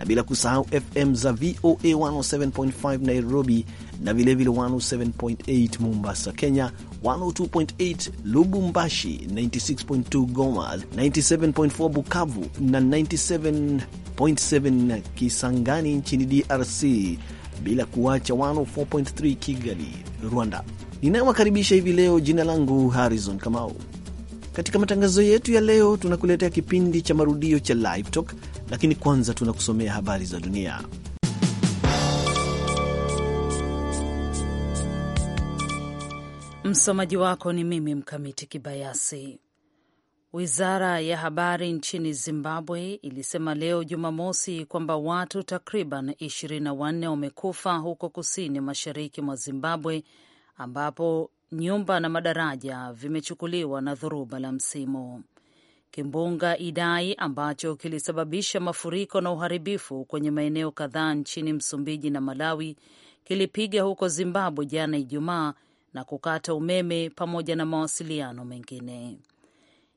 na bila kusahau FM za VOA 107.5 Nairobi na vilevile 107.8 Mombasa, Kenya, 102.8 Lubumbashi, 96.2 Goma, 97.4 Bukavu na 97.7 Kisangani nchini DRC, bila kuacha 104.3 Kigali, Rwanda. Ninayewakaribisha hivi leo. Jina langu Harrison Kamau. Katika matangazo yetu ya leo, tunakuletea kipindi cha marudio cha Live Talk, lakini kwanza tunakusomea habari za dunia. Msomaji wako ni mimi Mkamiti Kibayasi. Wizara ya habari nchini Zimbabwe ilisema leo Jumamosi kwamba watu takriban ishirini na wanne wamekufa huko kusini mashariki mwa Zimbabwe ambapo nyumba na madaraja vimechukuliwa na dhoruba la msimu. Kimbunga Idai ambacho kilisababisha mafuriko na uharibifu kwenye maeneo kadhaa nchini Msumbiji na Malawi kilipiga huko Zimbabwe jana Ijumaa na kukata umeme pamoja na mawasiliano mengine.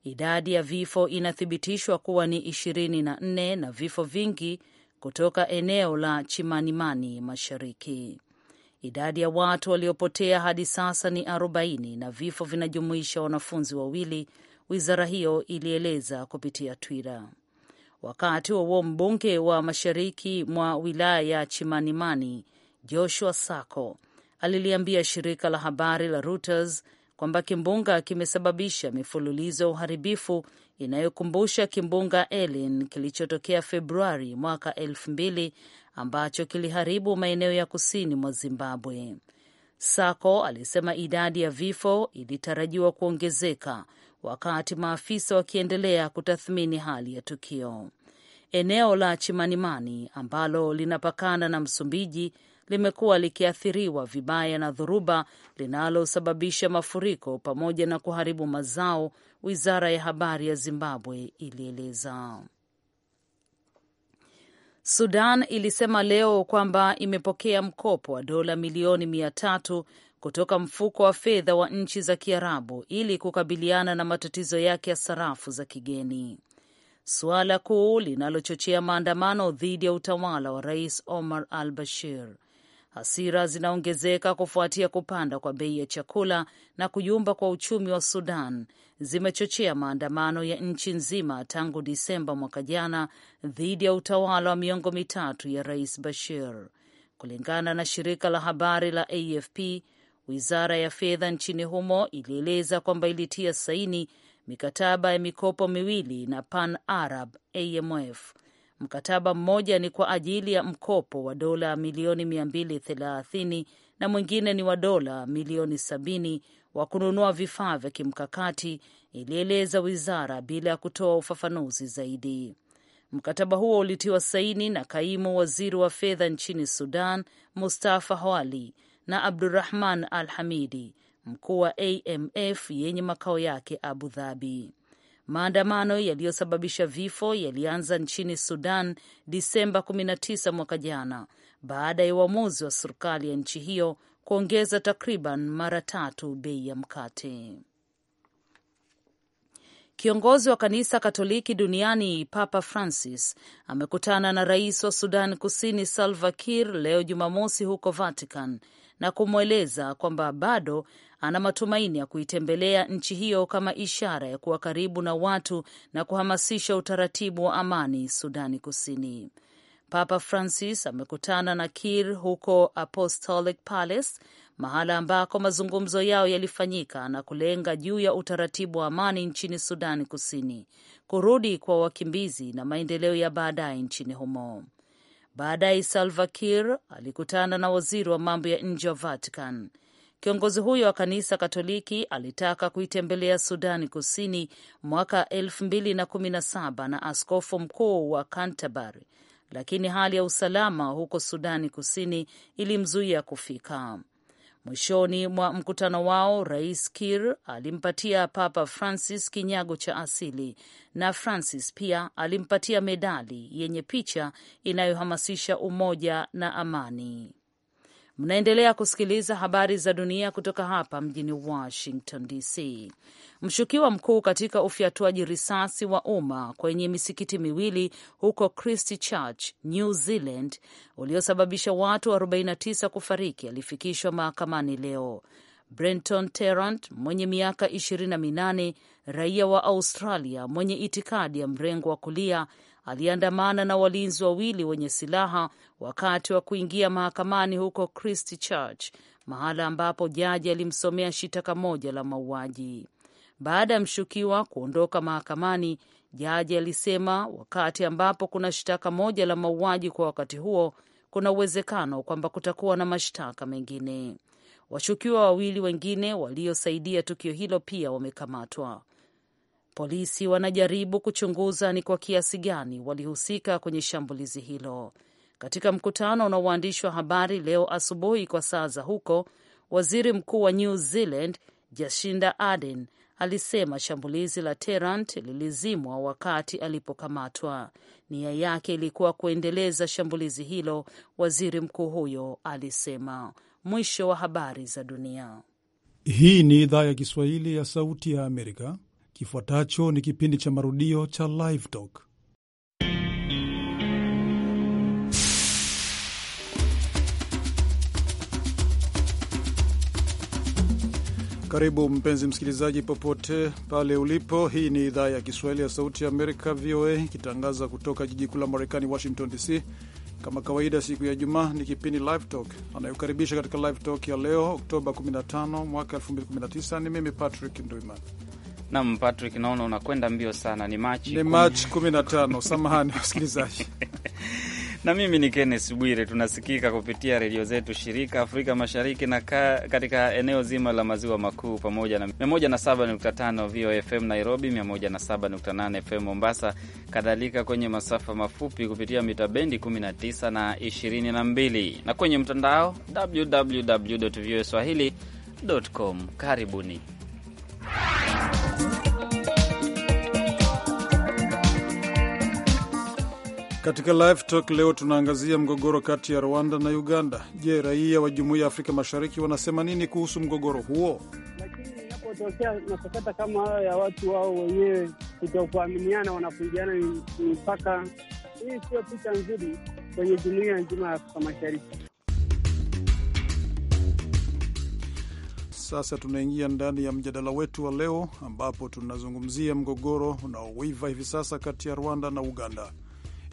Idadi ya vifo inathibitishwa kuwa ni ishirini na nne na vifo vingi kutoka eneo la Chimanimani mashariki. Idadi ya watu waliopotea hadi sasa ni 40 na vifo vinajumuisha wanafunzi wawili, wizara hiyo ilieleza kupitia Twitter. Wakati huo mbunge wa mashariki mwa wilaya ya Chimanimani Joshua Sako aliliambia shirika la habari la Reuters kwamba kimbunga kimesababisha mifululizo ya uharibifu inayokumbusha kimbunga Elin kilichotokea Februari mwaka elfu mbili ambacho kiliharibu maeneo ya kusini mwa Zimbabwe. Sako alisema idadi ya vifo ilitarajiwa kuongezeka wakati maafisa wakiendelea kutathmini hali ya tukio. Eneo la Chimanimani ambalo linapakana na Msumbiji limekuwa likiathiriwa vibaya na dhoruba linalosababisha mafuriko pamoja na kuharibu mazao, wizara ya habari ya Zimbabwe ilieleza. Sudan ilisema leo kwamba imepokea mkopo wa dola milioni mia tatu kutoka mfuko wa fedha wa nchi za Kiarabu ili kukabiliana na matatizo yake ya sarafu za kigeni, suala kuu linalochochea maandamano dhidi ya utawala wa Rais Omar al Bashir. Hasira zinaongezeka kufuatia kupanda kwa bei ya chakula na kuyumba kwa uchumi wa Sudan zimechochea maandamano ya nchi nzima tangu Disemba mwaka jana dhidi ya utawala wa miongo mitatu ya Rais Bashir. Kulingana na shirika la habari la AFP, wizara ya fedha nchini humo ilieleza kwamba ilitia saini mikataba ya mikopo miwili na Pan Arab AMF Mkataba mmoja ni kwa ajili ya mkopo wa dola milioni 230 na mwingine ni wa dola milioni 70 wa kununua vifaa vya kimkakati, ilieleza wizara bila ya kutoa ufafanuzi zaidi. Mkataba huo ulitiwa saini na kaimu waziri wa fedha nchini Sudan, Mustafa Hawali, na Abdurahman Al Hamidi, mkuu wa AMF yenye makao yake Abu Dhabi. Maandamano yaliyosababisha vifo yalianza nchini Sudan Disemba 19 mwaka jana baada ya uamuzi wa serikali ya nchi hiyo kuongeza takriban mara tatu bei ya mkate. Kiongozi wa kanisa Katoliki duniani Papa Francis amekutana na rais wa Sudan Kusini Salva Kiir leo Jumamosi huko Vatican na kumweleza kwamba bado ana matumaini ya kuitembelea nchi hiyo kama ishara ya kuwa karibu na watu na kuhamasisha utaratibu wa amani Sudani Kusini. Papa Francis amekutana na Kir huko Apostolic Palace, mahala ambako mazungumzo yao yalifanyika na kulenga juu ya utaratibu wa amani nchini Sudani Kusini, kurudi kwa wakimbizi na maendeleo ya baadaye nchini humo. Baadaye Salva Kir alikutana na waziri wa mambo ya nje wa Vatican. Kiongozi huyo wa kanisa Katoliki alitaka kuitembelea Sudani Kusini mwaka 217 na na askofu mkuu wa Canterbury, lakini hali ya usalama huko Sudani Kusini ilimzuia kufika. Mwishoni mwa mkutano wao, Rais Kir alimpatia Papa Francis kinyago cha asili na Francis pia alimpatia medali yenye picha inayohamasisha umoja na amani. Mnaendelea kusikiliza habari za dunia kutoka hapa mjini Washington DC. Mshukiwa mkuu katika ufyatuaji risasi wa umma kwenye misikiti miwili huko Christchurch, New Zealand, uliosababisha watu 49 kufariki alifikishwa mahakamani leo. Brenton Tarrant mwenye miaka 28, raia wa Australia mwenye itikadi ya mrengo wa kulia aliandamana na walinzi wawili wenye silaha wakati wa kuingia mahakamani huko Christchurch, mahala ambapo jaji alimsomea shitaka moja la mauaji. Baada ya mshukiwa kuondoka mahakamani, jaji alisema wakati ambapo kuna shtaka moja la mauaji kwa wakati huo, kuna uwezekano kwamba kutakuwa na mashtaka mengine. Washukiwa wawili wengine waliosaidia tukio hilo pia wamekamatwa. Polisi wanajaribu kuchunguza ni kwa kiasi gani walihusika kwenye shambulizi hilo. Katika mkutano na waandishi wa habari leo asubuhi kwa saa za huko, waziri mkuu wa New Zealand Jacinda Ardern alisema shambulizi la terant lilizimwa wakati alipokamatwa. Nia yake ilikuwa kuendeleza shambulizi hilo, waziri mkuu huyo alisema. Mwisho wa habari za dunia. Hii ni idhaa ya Kiswahili ya Sauti ya Amerika. Kifuatacho ni kipindi cha marudio cha Live Talk. Karibu mpenzi msikilizaji, popote pale ulipo. Hii ni idhaa ya Kiswahili ya Sauti ya Amerika, VOA, ikitangaza kutoka jiji kuu la Marekani, Washington DC. Kama kawaida, siku ya Jumaa ni kipindi Live Talk. Anayokaribisha katika Live Talk ya leo Oktoba 15 mwaka 2019 ni mimi Patrick Ndwimana. Nam Patrick, naona unakwenda mbio sana. Ni Machi ni Machi kumi na tano. Samahani wasikilizaji. na mimi ni Kenneth Bwire. Tunasikika kupitia redio zetu shirika Afrika Mashariki na ka, katika eneo zima la maziwa makuu pamoja na 107.5 VOFM Nairobi, 107.8 FM Mombasa, kadhalika kwenye masafa mafupi kupitia mita bendi 19 na 22 na kwenye mtandao www Karibuni. Katika Live Talk leo tunaangazia mgogoro kati ya Rwanda na Uganda. Je, raia wa jumuiya ya Afrika Mashariki wanasema nini kuhusu mgogoro huo? Lakini inapotokea masakata kama hayo ya watu wao wenyewe kutokuaminiana, wanafungiana mipaka, hii sio picha nzuri kwenye jumuiya nzima ya Afrika Mashariki. Sasa tunaingia ndani ya mjadala wetu wa leo ambapo tunazungumzia mgogoro unaowiva hivi sasa kati ya Rwanda na Uganda.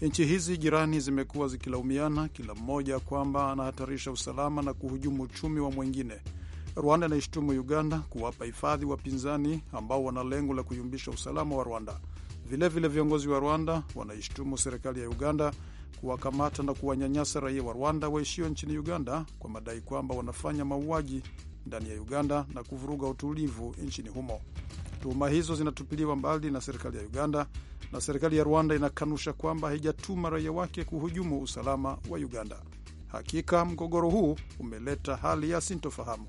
Nchi hizi jirani zimekuwa zikilaumiana kila mmoja kwamba anahatarisha usalama na kuhujumu uchumi wa mwingine. Rwanda inaishtumu Uganda kuwapa hifadhi wapinzani ambao wana lengo la kuyumbisha usalama wa Rwanda. Vilevile vile viongozi wa Rwanda wanaishtumu serikali ya Uganda kuwakamata na kuwanyanyasa raia wa Rwanda waishio nchini Uganda kwa madai kwamba wanafanya mauaji ndani ya Uganda na kuvuruga utulivu nchini humo. Tuhuma hizo zinatupiliwa mbali na serikali ya Uganda, na serikali ya Rwanda inakanusha kwamba haijatuma raia wake kuhujumu usalama wa Uganda. Hakika mgogoro huu umeleta hali ya sintofahamu.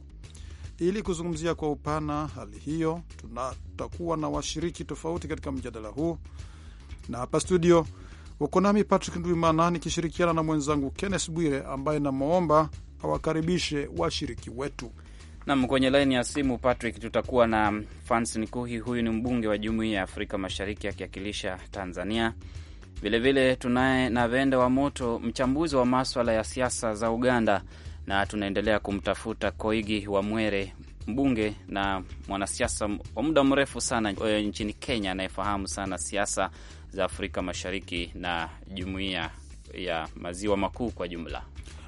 Ili kuzungumzia kwa upana hali hiyo, tunatakuwa na washiriki tofauti katika mjadala huu, na hapa studio uko nami Patrick Ndwimana nikishirikiana na mwenzangu Kenneth Bwire ambaye namwomba awakaribishe washiriki wetu. Nam, kwenye laini ya simu Patrick, tutakuwa na Fansi kuhi Huyu ni mbunge wa Jumuiya ya Afrika Mashariki akiwakilisha Tanzania. Vilevile tunaye Navende wa Moto, mchambuzi wa maswala ya siasa za Uganda, na tunaendelea kumtafuta Koigi wa Mwere, mbunge na mwanasiasa wa muda mrefu sana e, nchini Kenya, anayefahamu sana siasa za Afrika Mashariki na Jumuiya ya Maziwa Makuu kwa jumla.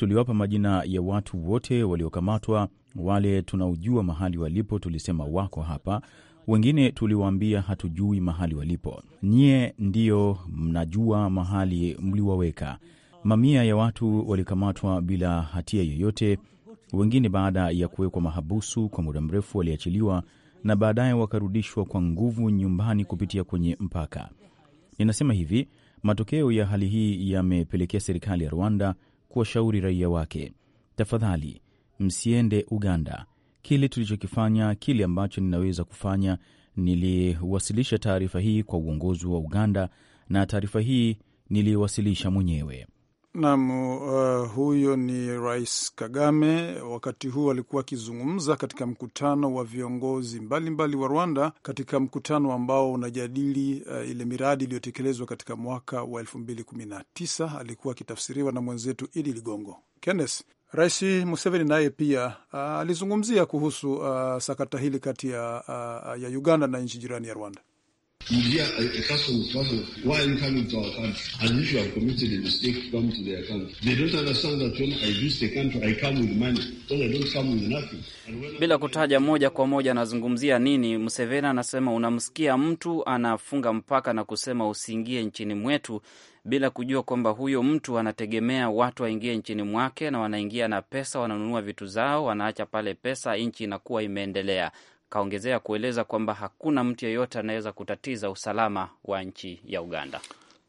tuliwapa majina ya watu wote waliokamatwa, wale tunaojua mahali walipo, tulisema wako hapa. Wengine tuliwaambia hatujui mahali walipo, nyie ndiyo mnajua mahali mliwaweka. Mamia ya watu walikamatwa bila hatia yoyote. Wengine baada ya kuwekwa mahabusu kwa muda mrefu waliachiliwa na baadaye wakarudishwa kwa nguvu nyumbani kupitia kwenye mpaka. Ninasema hivi, matokeo ya hali hii yamepelekea serikali ya Rwanda kuwashauri raia wake, tafadhali msiende Uganda. Kile tulichokifanya, kile ambacho ninaweza kufanya, niliwasilisha taarifa hii kwa uongozi wa Uganda na taarifa hii niliwasilisha mwenyewe. Naam, uh, huyo ni Rais Kagame. Wakati huu alikuwa akizungumza katika mkutano wa viongozi mbalimbali mbali wa Rwanda, katika mkutano ambao unajadili uh, ile miradi iliyotekelezwa katika mwaka wa elfu mbili kumi na tisa. Alikuwa akitafsiriwa na mwenzetu Idi Ligongo. Kennes. Rais Museveni naye pia uh, alizungumzia kuhusu uh, sakata hili kati ya, uh, ya Uganda na nchi jirani ya Rwanda a, person, eh, eh, why are you coming to our country? if you have committed a mistake, come to their country. They don't understand that when I visit country, I come with money, so I don't come with nothing. Bila kutaja moja kwa moja anazungumzia nini, Museveni anasema unamsikia mtu anafunga mpaka na kusema usiingie nchini mwetu bila kujua kwamba huyo mtu anategemea watu waingie nchini mwake, na wanaingia na pesa, wananunua vitu zao, wanaacha pale pesa, nchi inakuwa imeendelea. Kaongezea kueleza kwamba hakuna mtu yeyote anaweza kutatiza usalama wa nchi ya Uganda.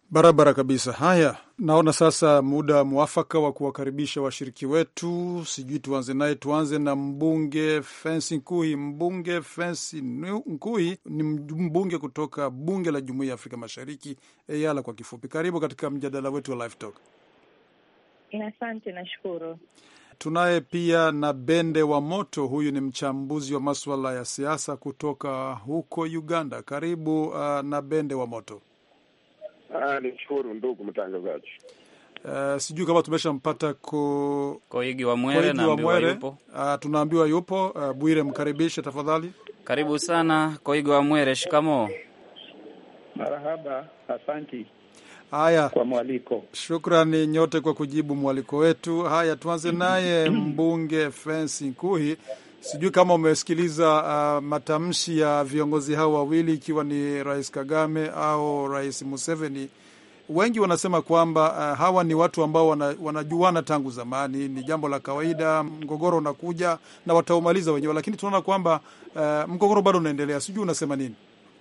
Barabara kabisa. Haya, naona sasa muda mwafaka wa kuwakaribisha washiriki wetu. Sijui tuanze naye, tuanze na mbunge Fensi Nkuhi. Mbunge Fensi Nkuhi ni mbunge kutoka bunge la jumuiya ya Afrika Mashariki, EALA kwa kifupi. Karibu katika mjadala wetu wa Live Talk. Asante, nashukuru. Tunaye pia na Bende wa Moto, huyu ni mchambuzi wa maswala ya siasa kutoka huko Uganda. Karibu uh, na Bende wa Moto. Ah, ni shukuru ndugu mtangazaji. Uh, sijui kama tumeshampata ku... Koigi wa Mwere, Mwere. Uh, tunaambiwa yupo. Uh, Bwire mkaribishe tafadhali. Karibu sana Koigi wa Mwere. Shikamo. Marahaba, asanti. Haya, kwa mwaliko. Shukrani nyote kwa kujibu mwaliko wetu. Haya, tuanze naye mbunge Fensi Nkuhi. Sijui kama umesikiliza uh, matamshi ya viongozi hao wawili, ikiwa ni Rais Kagame au Rais Museveni. Wengi wanasema kwamba uh, hawa ni watu ambao wana, wanajuana tangu zamani, ni jambo la kawaida. Mgogoro unakuja na wataumaliza wenyewe, lakini tunaona kwamba uh, mgogoro bado unaendelea. Sijui unasema nini?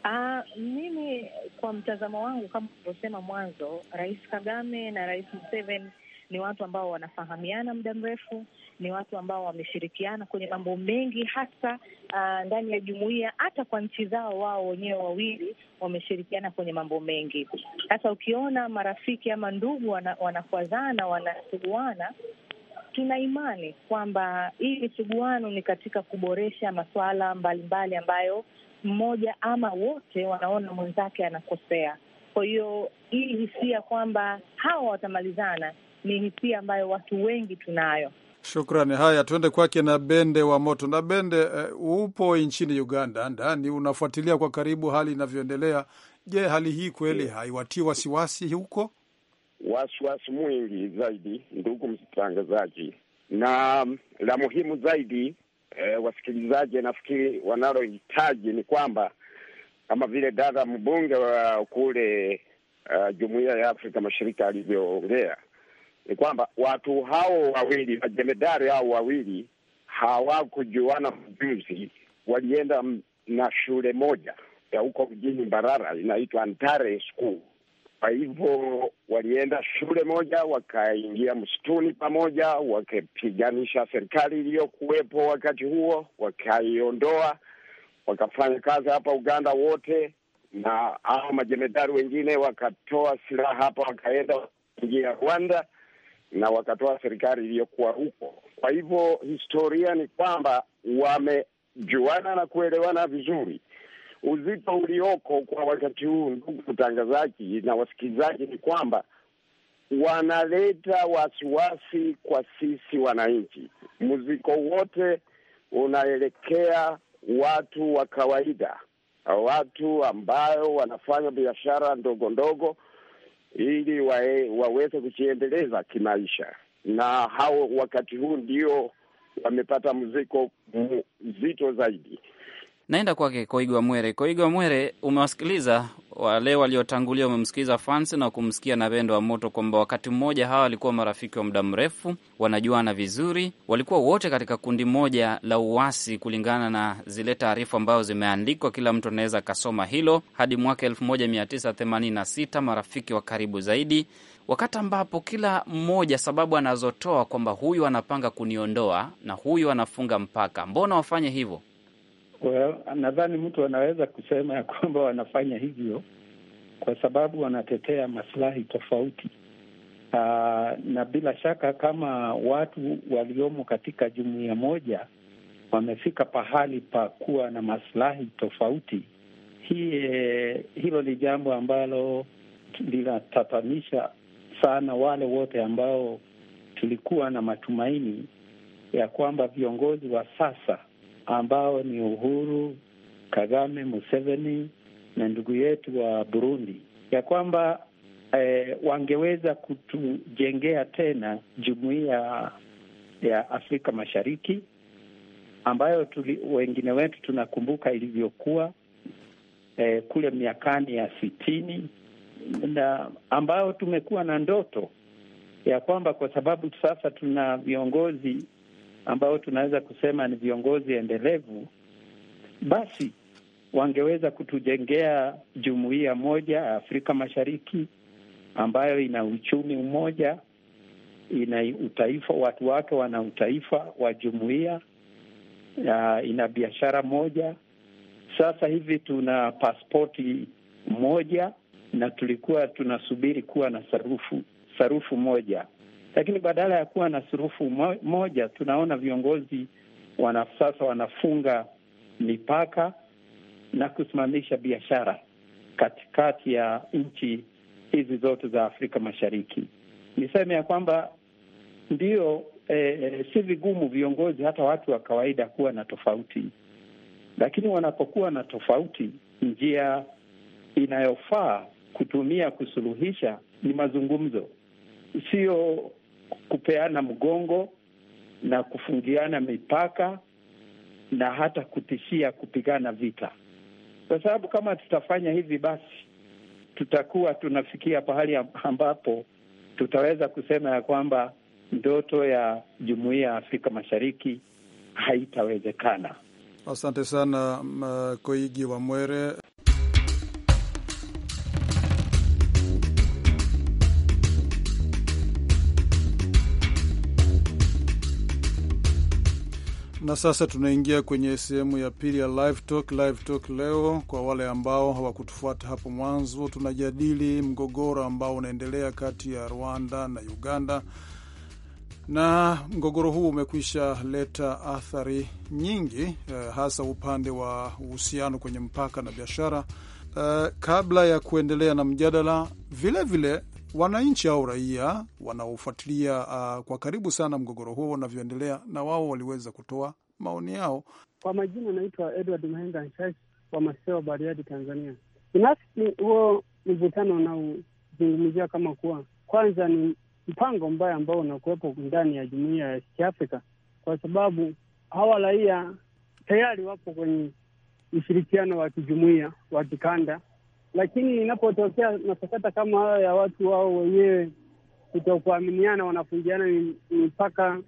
Uh, mimi kwa mtazamo wangu, kama ulivyosema mwanzo, Rais Kagame na Rais Museveni ni watu ambao wanafahamiana muda mrefu, ni watu ambao wameshirikiana kwenye mambo mengi, hasa uh, ndani ya jumuiya. Hata kwa nchi zao wao wenyewe wawili wameshirikiana kwenye mambo mengi. Sasa ukiona marafiki ama ndugu wanakwazana, wana wanasuguana, tuna imani kwamba hii misuguano ni katika kuboresha masuala mbalimbali ambayo mmoja ama wote wanaona mwenzake anakosea. Kwa hiyo hii hisia kwamba hawa watamalizana ni hisia ambayo watu wengi tunayo. Shukrani. Haya, tuende kwake na Bende wa Moto. Na Bende, uh, upo nchini Uganda ndani, unafuatilia kwa karibu hali inavyoendelea. Je, hali hii kweli haiwatii wasiwasi huko? Wasiwasi mwingi zaidi, ndugu mtangazaji, na la muhimu zaidi e, wasikilizaji nafikiri wanalohitaji ni kwamba kama vile dada mbunge wa kule uh, Jumuiya ya Afrika Mashariki alivyoongea ni kwamba watu hao wawili majemedari hao wawili hawakujuana mjuzi, walienda na shule moja ya huko mjini Mbarara, inaitwa Ntare School kwa hivyo walienda shule moja, wakaingia msituni pamoja, wakapiganisha serikali iliyokuwepo wakati huo, wakaiondoa, wakafanya kazi hapa Uganda wote, na hao majemedari wengine wakatoa silaha hapa, wakaenda wakaingia Rwanda na wakatoa serikali iliyokuwa huko. Kwa hivyo historia ni kwamba wamejuana na kuelewana vizuri uzito ulioko kwa wakati huu, ndugu mtangazaji na wasikilizaji, ni kwamba wanaleta wasiwasi kwa sisi wananchi. Muziko wote unaelekea watu wa kawaida, watu ambayo wanafanya biashara ndogo ndogo ili wae, waweze kujiendeleza kimaisha, na hao wakati huu ndio wamepata mziko mzito zaidi. Naenda kwake Koigwa Mwere. Koigwa Mwere, umewasikiliza wale waliotangulia, umemsikiliza fans na kumsikia na Pendo wa Moto kwamba wakati mmoja hawa walikuwa marafiki wa muda mrefu, wanajuana vizuri, walikuwa wote katika kundi moja la uasi, kulingana na zile taarifa ambazo zimeandikwa, kila mtu anaweza akasoma hilo, hadi mwaka 1986 marafiki wa karibu zaidi, wakati ambapo kila mmoja sababu anazotoa kwamba huyu anapanga kuniondoa na huyu anafunga mpaka, mbona wafanye hivyo? Kwa nadhani mtu anaweza kusema ya kwamba wanafanya hivyo kwa sababu wanatetea maslahi tofauti. Aa, ah, na bila shaka kama watu waliomo katika jumuiya moja wamefika pahali pa kuwa na maslahi tofauti, hii hilo ni jambo ambalo linatatanisha sana wale wote ambao tulikuwa na matumaini ya kwamba viongozi wa sasa ambao ni Uhuru, Kagame, Museveni na ndugu yetu wa Burundi ya kwamba eh, wangeweza kutujengea tena jumuiya ya Afrika Mashariki ambayo tuli, wengine wetu tunakumbuka ilivyokuwa eh, kule miakani ya sitini na ambayo tumekuwa na ndoto ya kwamba kwa sababu sasa tuna viongozi ambao tunaweza kusema ni viongozi endelevu, basi wangeweza kutujengea jumuiya moja ya Afrika Mashariki ambayo ina uchumi mmoja, ina utaifa, watu wake wana utaifa wa jumuiya, ina biashara moja. Sasa hivi tuna paspoti moja na tulikuwa tunasubiri kuwa na sarufu sarufu moja. Lakini badala ya kuwa na surufu moja, tunaona viongozi wana sasa wanafunga mipaka na kusimamisha biashara katikati ya nchi hizi zote za Afrika Mashariki. Niseme ya kwamba ndio eh, si vigumu viongozi hata watu wa kawaida kuwa na tofauti, lakini wanapokuwa na tofauti, njia inayofaa kutumia kusuluhisha ni mazungumzo, sio kupeana mgongo na kufungiana mipaka na hata kutishia kupigana vita, kwa sababu kama tutafanya hivi, basi tutakuwa tunafikia pahali ambapo tutaweza kusema ya kwamba ndoto ya jumuiya ya Afrika Mashariki haitawezekana. Asante sana Koigi Wamwere, Na sasa tunaingia kwenye sehemu ya pili ya live talk. Live talk leo, kwa wale ambao hawakutufuata hapo mwanzo, tunajadili mgogoro ambao unaendelea kati ya Rwanda na Uganda, na mgogoro huu umekwisha leta athari nyingi eh, hasa upande wa uhusiano kwenye mpaka na biashara. Eh, kabla ya kuendelea na mjadala, vilevile wananchi au raia wanaofuatilia uh, kwa karibu sana mgogoro huo unavyoendelea, na wao waliweza kutoa maoni yao. Kwa majina anaitwa Edward Mahenga Nshai wa Maseo, Bariadi, Tanzania. Binafsi huo mvutano unaozungumzia kama kuwa kwanza ni mpango mbaya ambao unakuwepo ndani ya jumuiya ya Kiafrika, kwa sababu hawa raia tayari wapo kwenye ushirikiano wa kijumuiya wa kikanda, lakini inapotokea masakata kama hayo ya watu wao wenyewe kutokuaminiana, wanafungiana mipaka,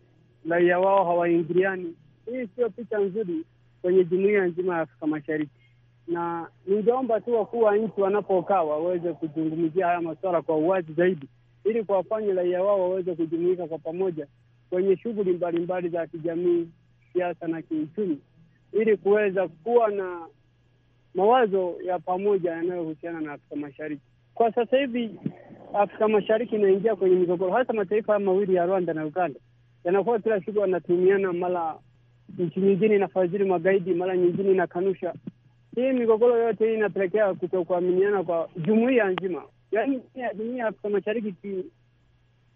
raia wao hawaingiliani, hii sio picha nzuri kwenye jumuia nzima ya Afrika Mashariki, na ningeomba tu wakuu wa nchi wanapokaa waweze kuzungumzia haya masuala kwa uwazi zaidi, ili kuwafanya raia wao waweze kujumuika kwa pamoja kwenye shughuli mbalimbali za kijamii, siasa na kiuchumi, ili kuweza kuwa na mawazo ya pamoja yanayohusiana na Afrika Mashariki. Kwa sasa hivi Afrika Mashariki inaingia kwenye migogoro, hasa mataifa mawili ya Rwanda na Uganda yanakuwa kila siku wanatumiana mara nchi nyingine inafadhili magaidi, mara nyingine inakanusha. Hii migogoro yote hii inapelekea kutokuaminiana kwa jumuiya nzima, yaani ya jumuiya ya Afrika Mashariki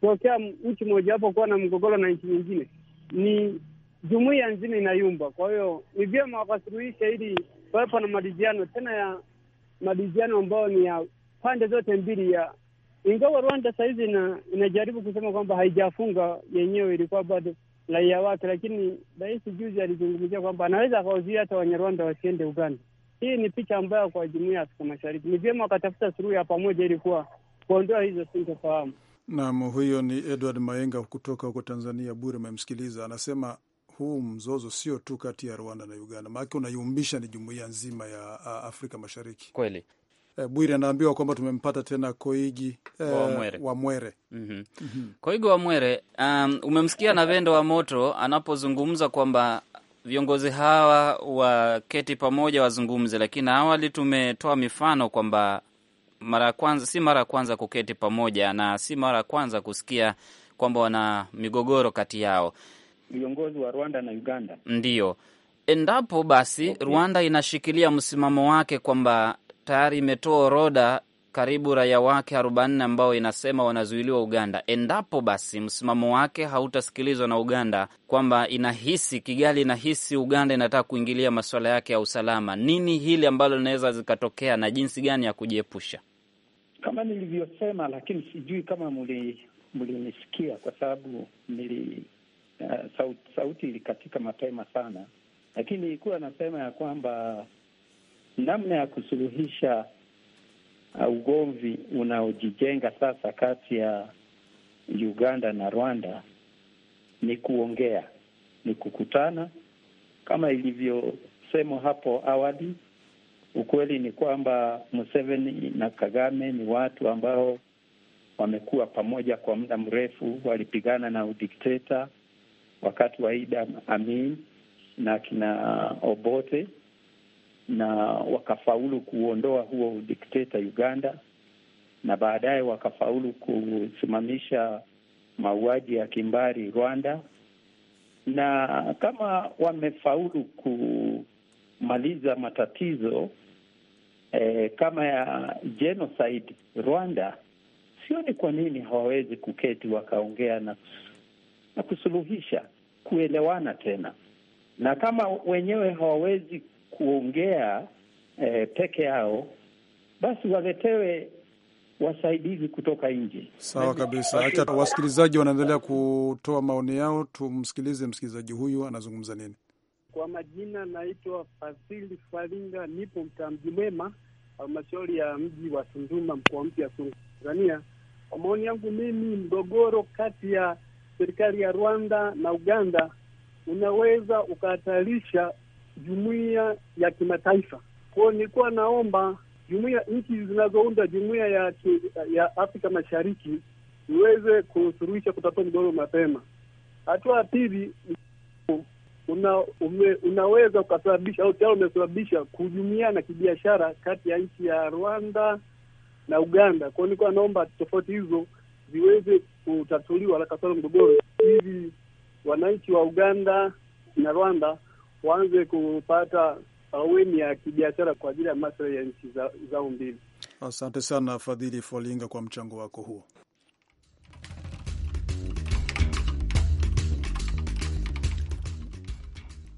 ikitokea nchi mojawapo kuwa na mgogoro na nchi nyingine, ni jumuiya nzima inayumba. Kwa hiyo ni vyema wakasuluhisha ili wawepo na maridhiano tena, ya maridhiano ambayo ni ya pande zote mbili ya ingawa Rwanda sahizi ina, inajaribu kusema kwamba haijafunga yenyewe, ilikuwa bado raia wake, lakini rais juzi alizungumzia kwamba anaweza akawazuia hata Wanyarwanda wasiende Uganda. Hii ni picha ambayo kwa jumuiya ya Afrika Mashariki ni vyema wakatafuta suluhu ya pamoja ili kuwa kuondoa hizo sintofahamu. Naam, huyo ni Edward Maenga kutoka huko Tanzania. Bure amemsikiliza, anasema huu mzozo sio tu kati ya Rwanda na Uganda, maanake unaiumbisha ni jumuiya nzima ya Afrika Mashariki. Kweli Eh, Bwiri anaambiwa kwamba tumempata tena Koigi eh, Wamwere wa Mwere. mm -hmm. mm -hmm. Koigi Wamwere, um, umemsikia na Vendo wa Moto anapozungumza kwamba viongozi hawa waketi pamoja wazungumze, lakini awali tumetoa mifano kwamba mara ya kwanza, si mara ya kwanza kuketi pamoja na si mara ya kwanza kusikia kwamba wana migogoro kati yao viongozi wa Rwanda na Uganda. Ndiyo, endapo basi Rwanda inashikilia msimamo wake kwamba tayari imetoa orodha karibu raia wake 40 ambao inasema wanazuiliwa Uganda. Endapo basi msimamo wake hautasikilizwa na Uganda, kwamba inahisi Kigali inahisi Uganda inataka kuingilia masuala yake ya usalama, nini hili ambalo linaweza zikatokea na jinsi gani ya kujiepusha? Kama nilivyosema, lakini sijui kama mlinisikia kwa sababu nili uh, sauti, sauti ilikatika mapema sana, lakini ilikuwa nasema ya kwamba namna ya kusuluhisha uh, ugomvi unaojijenga sasa kati ya Uganda na Rwanda ni kuongea, ni kukutana kama ilivyosemwa hapo awali. Ukweli ni kwamba Museveni na Kagame ni watu ambao wamekuwa pamoja kwa muda mrefu, walipigana na udikteta wakati wa Idi Amin na kina Obote na wakafaulu kuondoa huo udikteta Uganda, na baadaye wakafaulu kusimamisha mauaji ya kimbari Rwanda, na kama wamefaulu kumaliza matatizo eh, kama ya genocide Rwanda, sioni kwa nini hawawezi kuketi wakaongea na, na kusuluhisha, kuelewana tena, na kama wenyewe hawawezi kuongea eh, peke yao, basi waletewe wasaidizi kutoka nje. Sawa kabisa. Acha wasikilizaji wanaendelea kutoa maoni yao, tumsikilize msikilizaji huyu anazungumza nini. Kwa majina naitwa Fasili Faringa, nipo mtaa Mji Mwema, halmashauri ya mji wa Tunduma, mkoa mpya Tanzania. Kwa maoni yangu mimi, mgogoro kati ya serikali ya Rwanda na Uganda unaweza ukahatarisha jumuiya ya kimataifa. Kwao nilikuwa naomba jumuiya, nchi zinazounda jumuiya ya, ya Afrika Mashariki iweze kusuluhisha kutatua mgogoro mapema. Hatua ya pili una, ume, unaweza ukasababisha au tayari umesababisha kujumiana kibiashara kati ya nchi ya Rwanda na Uganda. Kwao nilikuwa naomba tofauti hizo ziweze kutatuliwa haraka sana mgogoro, ili wananchi wa Uganda na Rwanda waanze kupata aweni ya kibiashara kwa ajili ya maslahi ya nchi zao mbili. Asante sana Fadhili Folinga kwa mchango wako huo.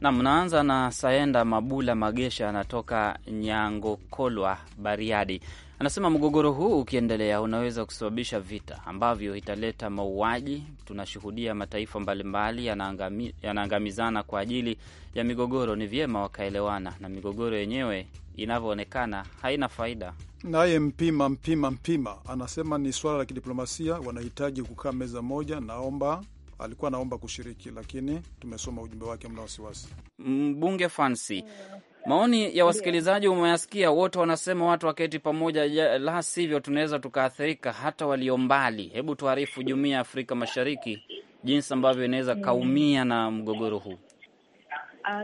Nam, naanza na Saenda Mabula Magesha, anatoka Nyangokolwa, Bariadi. Anasema mgogoro huu ukiendelea unaweza kusababisha vita ambavyo italeta mauaji. Tunashuhudia mataifa mbalimbali yanaangamizana kwa ajili ya migogoro. Ni vyema wakaelewana, na migogoro yenyewe inavyoonekana haina faida. Naye mpima mpima mpima anasema ni swala la kidiplomasia, wanahitaji kukaa meza moja. Naomba alikuwa anaomba kushiriki, lakini tumesoma ujumbe wake, mna wasiwasi. Mbunge mm, Fancy, maoni ya wasikilizaji umeyasikia wote, wanasema watu waketi pamoja, la sivyo tunaweza tukaathirika hata walio mbali. Hebu tuarifu jumuiya ya Afrika Mashariki jinsi ambavyo inaweza mm. kaumia na mgogoro huu.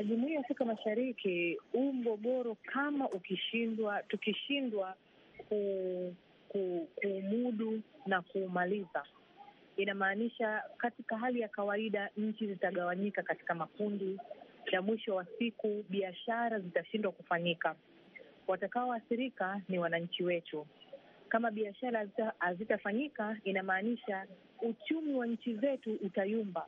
Uh, jumuiya ya Afrika Mashariki, huu mgogoro kama ukishindwa, tukishindwa ku, ku, kuumudu na kuumaliza inamaanisha katika hali ya kawaida nchi zitagawanyika katika makundi, na mwisho wa siku biashara zitashindwa kufanyika. Watakaoathirika ni wananchi wetu. Kama biashara hazitafanyika, inamaanisha uchumi wa nchi zetu utayumba,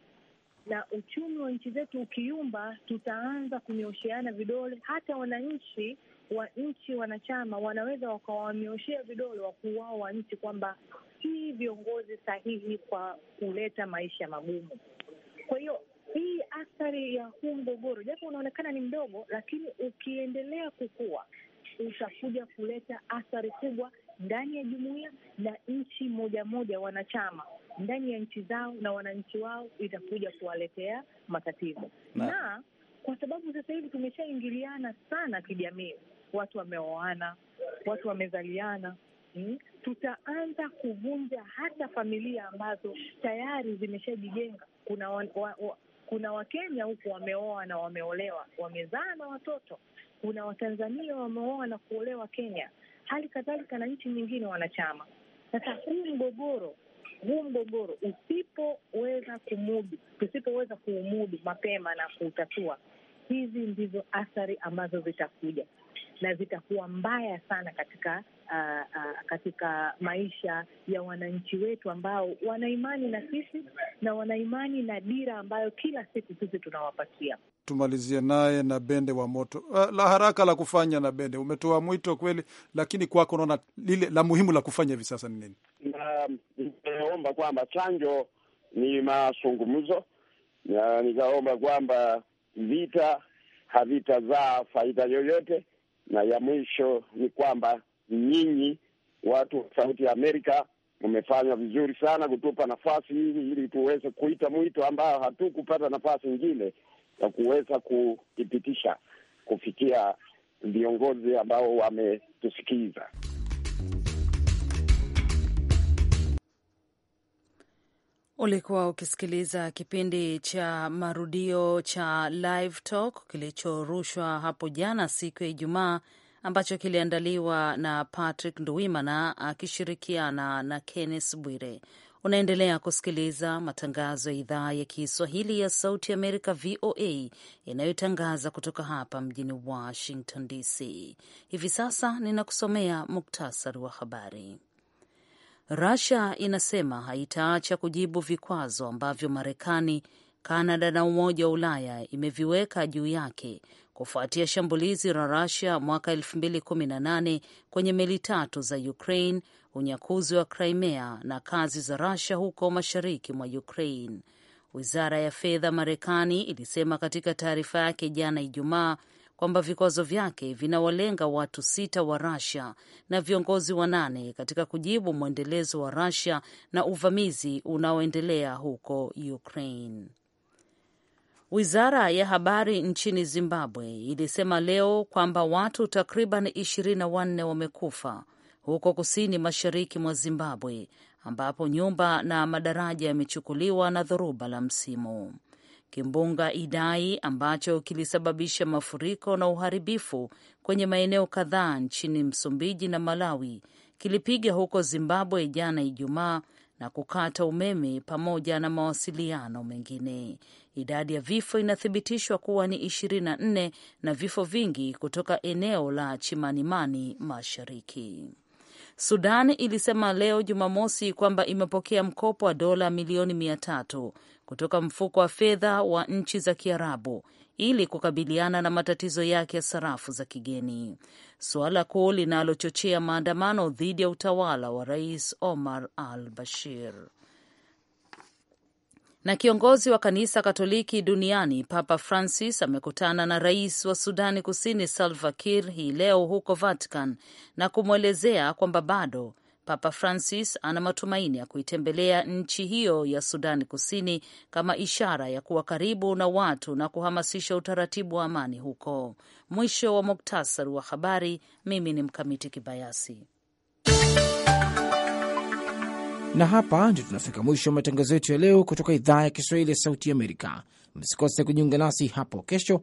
na uchumi wa nchi zetu ukiyumba, tutaanza kunyosheana vidole. Hata wananchi wa nchi wanachama wanaweza wakawanyoshea vidole wakuu wao wa nchi kwamba si viongozi sahihi kwa kuleta maisha magumu. Kwa hiyo hii athari ya huu mgogoro, japo unaonekana ni mdogo, lakini ukiendelea kukua utakuja kuleta athari kubwa ndani ya jumuiya na nchi moja moja, wanachama ndani ya nchi zao na wananchi wao, itakuja kuwaletea matatizo na, na kwa sababu sasa hivi tumeshaingiliana sana kijamii, watu wameoana, watu wamezaliana, hmm? tutaanza kuvunja hata familia ambazo tayari zimeshajijenga. Kuna wa, wa, wa, kuna Wakenya huku wameoa na wameolewa, wamezaa na watoto. Kuna Watanzania wameoa na kuolewa Kenya, hali kadhalika na nchi nyingine wanachama. Sasa huu mgogoro huu mgogoro usipoweza kumudu, tusipoweza kuumudu mapema na kuutatua, hizi ndizo athari ambazo zitakuja na zitakuwa mbaya sana katika uh, uh, katika maisha ya wananchi wetu ambao wanaimani na sisi na wanaimani na dira ambayo kila siku sisi tunawapatia. Tumalizie naye na Bende wa Moto. Uh, la haraka la kufanya na Bende, umetoa mwito kweli, lakini kwako unaona lile la muhimu la kufanya hivi sasa ni nini? nimeomba kwamba chanjo ni mazungumzo, na nikaomba kwamba vita havitazaa faida yoyote na ya mwisho ni kwamba nyinyi watu wa Sauti ya Amerika mmefanya vizuri sana kutupa nafasi hii ili tuweze kuita mwito ambayo hatukupata nafasi nyingine ya kuweza kuipitisha kufikia viongozi ambao wametusikiza. Ulikuwa ukisikiliza kipindi cha marudio cha Live Talk kilichorushwa hapo jana siku ya Ijumaa, ambacho kiliandaliwa na Patrick Nduwimana akishirikiana na Kenneth Bwire. Unaendelea kusikiliza matangazo ya idhaa ya Kiswahili ya Sauti Amerika, VOA, inayotangaza kutoka hapa mjini Washington DC. Hivi sasa ninakusomea muktasari wa habari. Russia inasema haitaacha kujibu vikwazo ambavyo Marekani, Kanada na Umoja wa Ulaya imeviweka juu yake kufuatia shambulizi la Russia mwaka 2018 kwenye meli tatu za Ukraine, unyakuzi wa Crimea na kazi za Russia huko mashariki mwa Ukraine. Wizara ya fedha Marekani ilisema katika taarifa yake jana Ijumaa kwamba vikwazo vyake vinawalenga watu sita wa rasia na viongozi wanane katika kujibu mwendelezo wa rasia na uvamizi unaoendelea huko Ukraine. Wizara ya habari nchini Zimbabwe ilisema leo kwamba watu takriban ishirini na wanne wamekufa huko kusini mashariki mwa Zimbabwe ambapo nyumba na madaraja yamechukuliwa na dhoruba la msimu kimbunga Idai ambacho kilisababisha mafuriko na uharibifu kwenye maeneo kadhaa nchini Msumbiji na Malawi kilipiga huko Zimbabwe jana Ijumaa na kukata umeme pamoja na mawasiliano mengine. Idadi ya vifo inathibitishwa kuwa ni ishirini na nne na vifo vingi kutoka eneo la Chimanimani Mashariki. Sudan ilisema leo Jumamosi kwamba imepokea mkopo wa dola milioni mia tatu kutoka mfuko wa fedha wa nchi za Kiarabu ili kukabiliana na matatizo yake ya sarafu za kigeni, suala kuu linalochochea maandamano dhidi ya utawala wa Rais Omar al Bashir. Na kiongozi wa kanisa Katoliki duniani Papa Francis amekutana na rais wa Sudani Kusini Salva Kiir hii leo huko Vatican na kumwelezea kwamba bado Papa Francis ana matumaini ya kuitembelea nchi hiyo ya Sudani Kusini kama ishara ya kuwa karibu na watu na kuhamasisha utaratibu wa amani huko. Mwisho wa muktasari wa habari. Mimi ni Mkamiti Kibayasi, na hapa ndio tunafika mwisho wa matangazo yetu ya leo kutoka idhaa ya Kiswahili ya Sauti Amerika. Msikose kujiunga nasi hapo kesho